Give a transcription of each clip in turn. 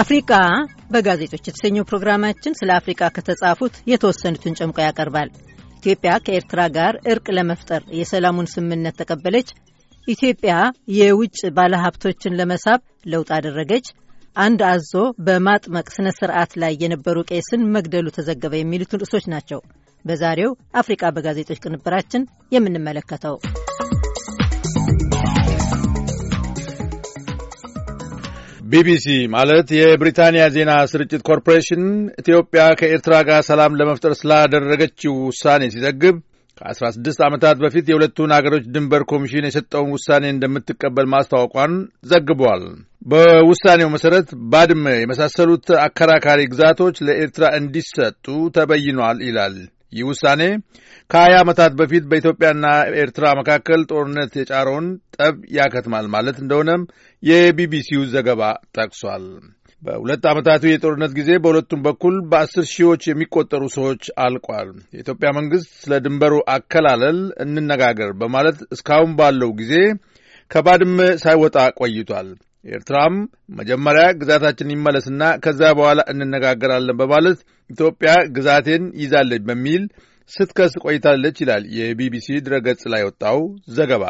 አፍሪቃ በጋዜጦች የተሰኘው ፕሮግራማችን ስለ አፍሪቃ ከተጻፉት የተወሰኑትን ጨምቆ ያቀርባል። ኢትዮጵያ ከኤርትራ ጋር እርቅ ለመፍጠር የሰላሙን ስምምነት ተቀበለች፣ ኢትዮጵያ የውጭ ባለሀብቶችን ለመሳብ ለውጥ አደረገች፣ አንድ አዞ በማጥመቅ ስነ ስርዓት ላይ የነበሩ ቄስን መግደሉ ተዘገበ የሚሉትን ርዕሶች ናቸው በዛሬው አፍሪቃ በጋዜጦች ቅንብራችን የምንመለከተው። ቢቢሲ ማለት የብሪታንያ ዜና ስርጭት ኮርፖሬሽን ኢትዮጵያ ከኤርትራ ጋር ሰላም ለመፍጠር ስላደረገችው ውሳኔ ሲዘግብ ከ16 ዓመታት በፊት የሁለቱን አገሮች ድንበር ኮሚሽን የሰጠውን ውሳኔ እንደምትቀበል ማስታወቋን ዘግቧል። በውሳኔው መሠረት ባድመ የመሳሰሉት አከራካሪ ግዛቶች ለኤርትራ እንዲሰጡ ተበይኗል ይላል። ይህ ውሳኔ ከሀያ ዓመታት በፊት በኢትዮጵያና ኤርትራ መካከል ጦርነት የጫረውን ጠብ ያከትማል ማለት እንደሆነም የቢቢሲው ዘገባ ጠቅሷል። በሁለት ዓመታቱ የጦርነት ጊዜ በሁለቱም በኩል በአስር ሺዎች የሚቆጠሩ ሰዎች አልቋል። የኢትዮጵያ መንግሥት ስለ ድንበሩ አከላለል እንነጋገር በማለት እስካሁን ባለው ጊዜ ከባድመ ሳይወጣ ቆይቷል። ኤርትራም መጀመሪያ ግዛታችን ይመለስና ከዛ በኋላ እንነጋገራለን በማለት ኢትዮጵያ ግዛቴን ይዛለች በሚል ስትከስ ቆይታለች ይላል የቢቢሲ ድረገጽ ላይ ወጣው ዘገባ።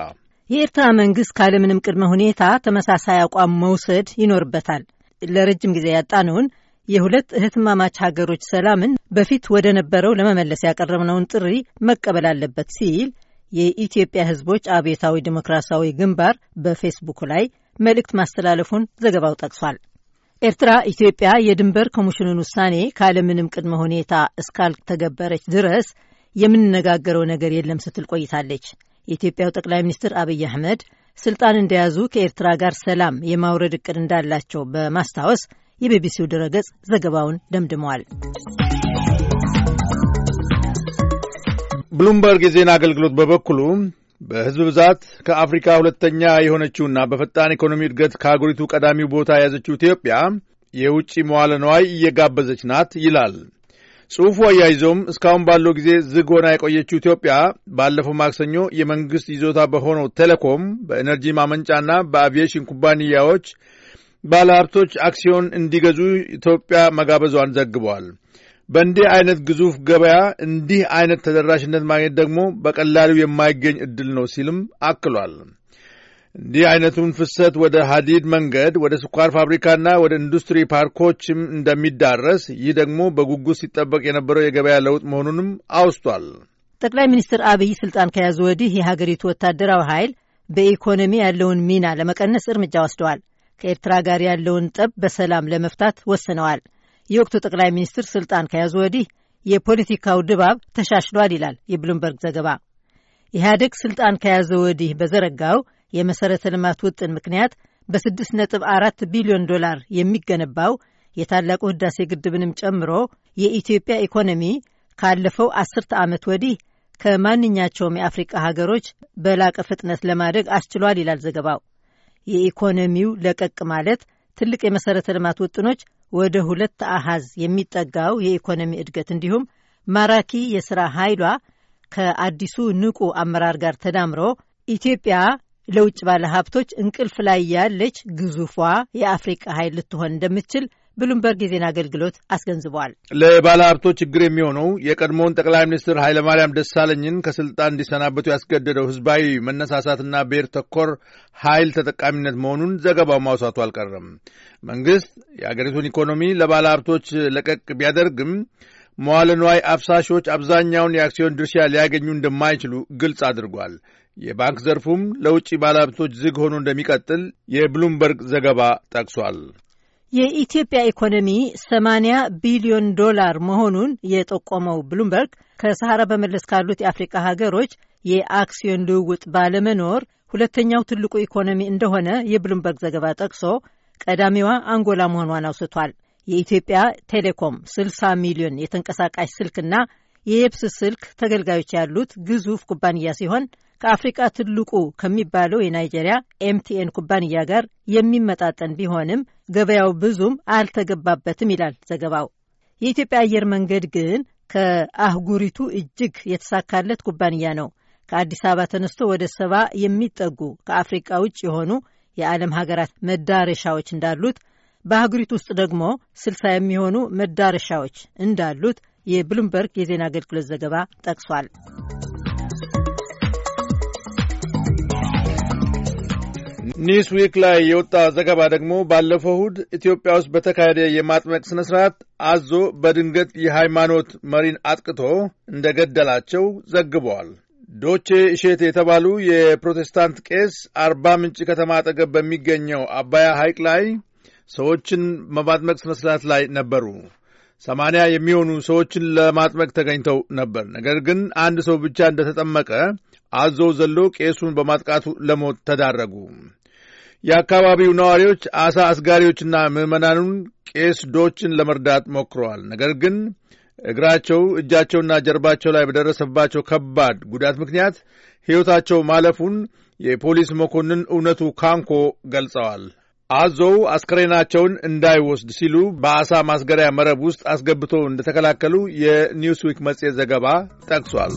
የኤርትራ መንግስት ካለምንም ቅድመ ሁኔታ ተመሳሳይ አቋም መውሰድ ይኖርበታል። ለረጅም ጊዜ ያጣነውን የሁለት እህትማማች ሀገሮች ሰላምን በፊት ወደ ነበረው ለመመለስ ያቀረብነውን ጥሪ መቀበል አለበት ሲል የኢትዮጵያ ሕዝቦች አብዮታዊ ዲሞክራሲያዊ ግንባር በፌስቡክ ላይ መልእክት ማስተላለፉን ዘገባው ጠቅሷል። ኤርትራ ኢትዮጵያ የድንበር ኮሚሽኑን ውሳኔ ካለምንም ቅድመ ሁኔታ እስካልተገበረች ድረስ የምንነጋገረው ነገር የለም ስትል ቆይታለች። የኢትዮጵያው ጠቅላይ ሚኒስትር አብይ አህመድ ስልጣን እንደያዙ ከኤርትራ ጋር ሰላም የማውረድ እቅድ እንዳላቸው በማስታወስ የቢቢሲው ድረገጽ ዘገባውን ደምድመዋል። ብሉምበርግ የዜና አገልግሎት በበኩሉ በሕዝብ ብዛት ከአፍሪካ ሁለተኛ የሆነችውና በፈጣን ኢኮኖሚ እድገት ከአገሪቱ ቀዳሚው ቦታ የያዘችው ኢትዮጵያ የውጭ መዋለ ነዋይ እየጋበዘች ናት ይላል ጽሑፉ። አያይዞም እስካሁን ባለው ጊዜ ዝግ ሆና የቆየችው ኢትዮጵያ ባለፈው ማክሰኞ የመንግሥት ይዞታ በሆነው ቴሌኮም፣ በኤነርጂ ማመንጫና በአቪዬሽን ኩባንያዎች ባለሀብቶች አክሲዮን እንዲገዙ ኢትዮጵያ መጋበዟን ዘግቧል። በእንዲህ አይነት ግዙፍ ገበያ እንዲህ አይነት ተደራሽነት ማግኘት ደግሞ በቀላሉ የማይገኝ ዕድል ነው ሲልም አክሏል። እንዲህ አይነቱን ፍሰት ወደ ሀዲድ መንገድ፣ ወደ ስኳር ፋብሪካና ወደ ኢንዱስትሪ ፓርኮችም እንደሚዳረስ፣ ይህ ደግሞ በጉጉት ሲጠበቅ የነበረው የገበያ ለውጥ መሆኑንም አውስቷል። ጠቅላይ ሚኒስትር አብይ ስልጣን ከያዙ ወዲህ የሀገሪቱ ወታደራዊ ኃይል በኢኮኖሚ ያለውን ሚና ለመቀነስ እርምጃ ወስደዋል። ከኤርትራ ጋር ያለውን ጠብ በሰላም ለመፍታት ወስነዋል። የወቅቱ ጠቅላይ ሚኒስትር ስልጣን ከያዙ ወዲህ የፖለቲካው ድባብ ተሻሽሏል ይላል የብሉምበርግ ዘገባ። ኢህአዴግ ስልጣን ከያዘ ወዲህ በዘረጋው የመሰረተ ልማት ውጥን ምክንያት በ6.4 ቢሊዮን ዶላር የሚገነባው የታላቁ ህዳሴ ግድብንም ጨምሮ የኢትዮጵያ ኢኮኖሚ ካለፈው አስርተ ዓመት ወዲህ ከማንኛቸውም የአፍሪቃ ሀገሮች በላቀ ፍጥነት ለማደግ አስችሏል ይላል ዘገባው። የኢኮኖሚው ለቀቅ ማለት ትልቅ የመሰረተ ልማት ውጥኖች ወደ ሁለት አሃዝ የሚጠጋው የኢኮኖሚ እድገት እንዲሁም ማራኪ የሥራ ኃይሏ ከአዲሱ ንቁ አመራር ጋር ተዳምሮ ኢትዮጵያ ለውጭ ባለ ሀብቶች እንቅልፍ ላይ ያለች ግዙፏ የአፍሪቃ ኃይል ልትሆን እንደምትችል ብሉምበርግ የዜና አገልግሎት አስገንዝቧል። ለባለሀብቶች ችግር የሚሆነው የቀድሞውን ጠቅላይ ሚኒስትር ኃይለማርያም ደሳለኝን ከስልጣን እንዲሰናበቱ ያስገደደው ህዝባዊ መነሳሳትና ብሔር ተኮር ኃይል ተጠቃሚነት መሆኑን ዘገባው ማውሳቱ አልቀረም። መንግስት የአገሪቱን ኢኮኖሚ ለባለሀብቶች ለቀቅ ቢያደርግም መዋለ ንዋይ አፍሳሾች አብዛኛውን የአክሲዮን ድርሻ ሊያገኙ እንደማይችሉ ግልጽ አድርጓል። የባንክ ዘርፉም ለውጭ ባለሀብቶች ዝግ ሆኖ እንደሚቀጥል የብሉምበርግ ዘገባ ጠቅሷል። የኢትዮጵያ ኢኮኖሚ 80 ቢሊዮን ዶላር መሆኑን የጠቆመው ብሉምበርግ ከሰሐራ በመለስ ካሉት የአፍሪቃ ሀገሮች የአክሲዮን ልውውጥ ባለመኖር ሁለተኛው ትልቁ ኢኮኖሚ እንደሆነ የብሉምበርግ ዘገባ ጠቅሶ ቀዳሚዋ አንጎላ መሆኗን አውስቷል። የኢትዮጵያ ቴሌኮም 60 ሚሊዮን የተንቀሳቃሽ ስልክና የየብስ ስልክ ተገልጋዮች ያሉት ግዙፍ ኩባንያ ሲሆን ከአፍሪቃ ትልቁ ከሚባለው የናይጄሪያ ኤምቲኤን ኩባንያ ጋር የሚመጣጠን ቢሆንም ገበያው ብዙም አልተገባበትም ይላል ዘገባው። የኢትዮጵያ አየር መንገድ ግን ከአህጉሪቱ እጅግ የተሳካለት ኩባንያ ነው። ከአዲስ አበባ ተነስቶ ወደ ሰባ የሚጠጉ ከአፍሪቃ ውጭ የሆኑ የዓለም ሀገራት መዳረሻዎች እንዳሉት በአህጉሪቱ ውስጥ ደግሞ ስልሳ የሚሆኑ መዳረሻዎች እንዳሉት የብሉምበርግ የዜና አገልግሎት ዘገባ ጠቅሷል። ኒውስ ዊክ ላይ የወጣ ዘገባ ደግሞ ባለፈው እሁድ ኢትዮጵያ ውስጥ በተካሄደ የማጥመቅ ስነ ስርዓት አዞ በድንገት የሃይማኖት መሪን አጥቅቶ እንደ ገደላቸው ዘግበዋል። ዶቼ እሼት የተባሉ የፕሮቴስታንት ቄስ አርባ ምንጭ ከተማ አጠገብ በሚገኘው አባያ ሐይቅ ላይ ሰዎችን በማጥመቅ ስነ ስርዓት ላይ ነበሩ። ሰማንያ የሚሆኑ ሰዎችን ለማጥመቅ ተገኝተው ነበር። ነገር ግን አንድ ሰው ብቻ እንደተጠመቀ አዞው ዘሎ ቄሱን በማጥቃቱ ለሞት ተዳረጉ። የአካባቢው ነዋሪዎች አሳ አስጋሪዎችና ምዕመናኑን ቄስ ዶችን ለመርዳት ሞክረዋል። ነገር ግን እግራቸው፣ እጃቸውና ጀርባቸው ላይ በደረሰባቸው ከባድ ጉዳት ምክንያት ሕይወታቸው ማለፉን የፖሊስ መኮንን እውነቱ ካንኮ ገልጸዋል። አዞው አስከሬናቸውን እንዳይወስድ ሲሉ በአሳ ማስገሪያ መረብ ውስጥ አስገብቶ እንደተከላከሉ የኒውስዊክ መጽሔት ዘገባ ጠቅሷል።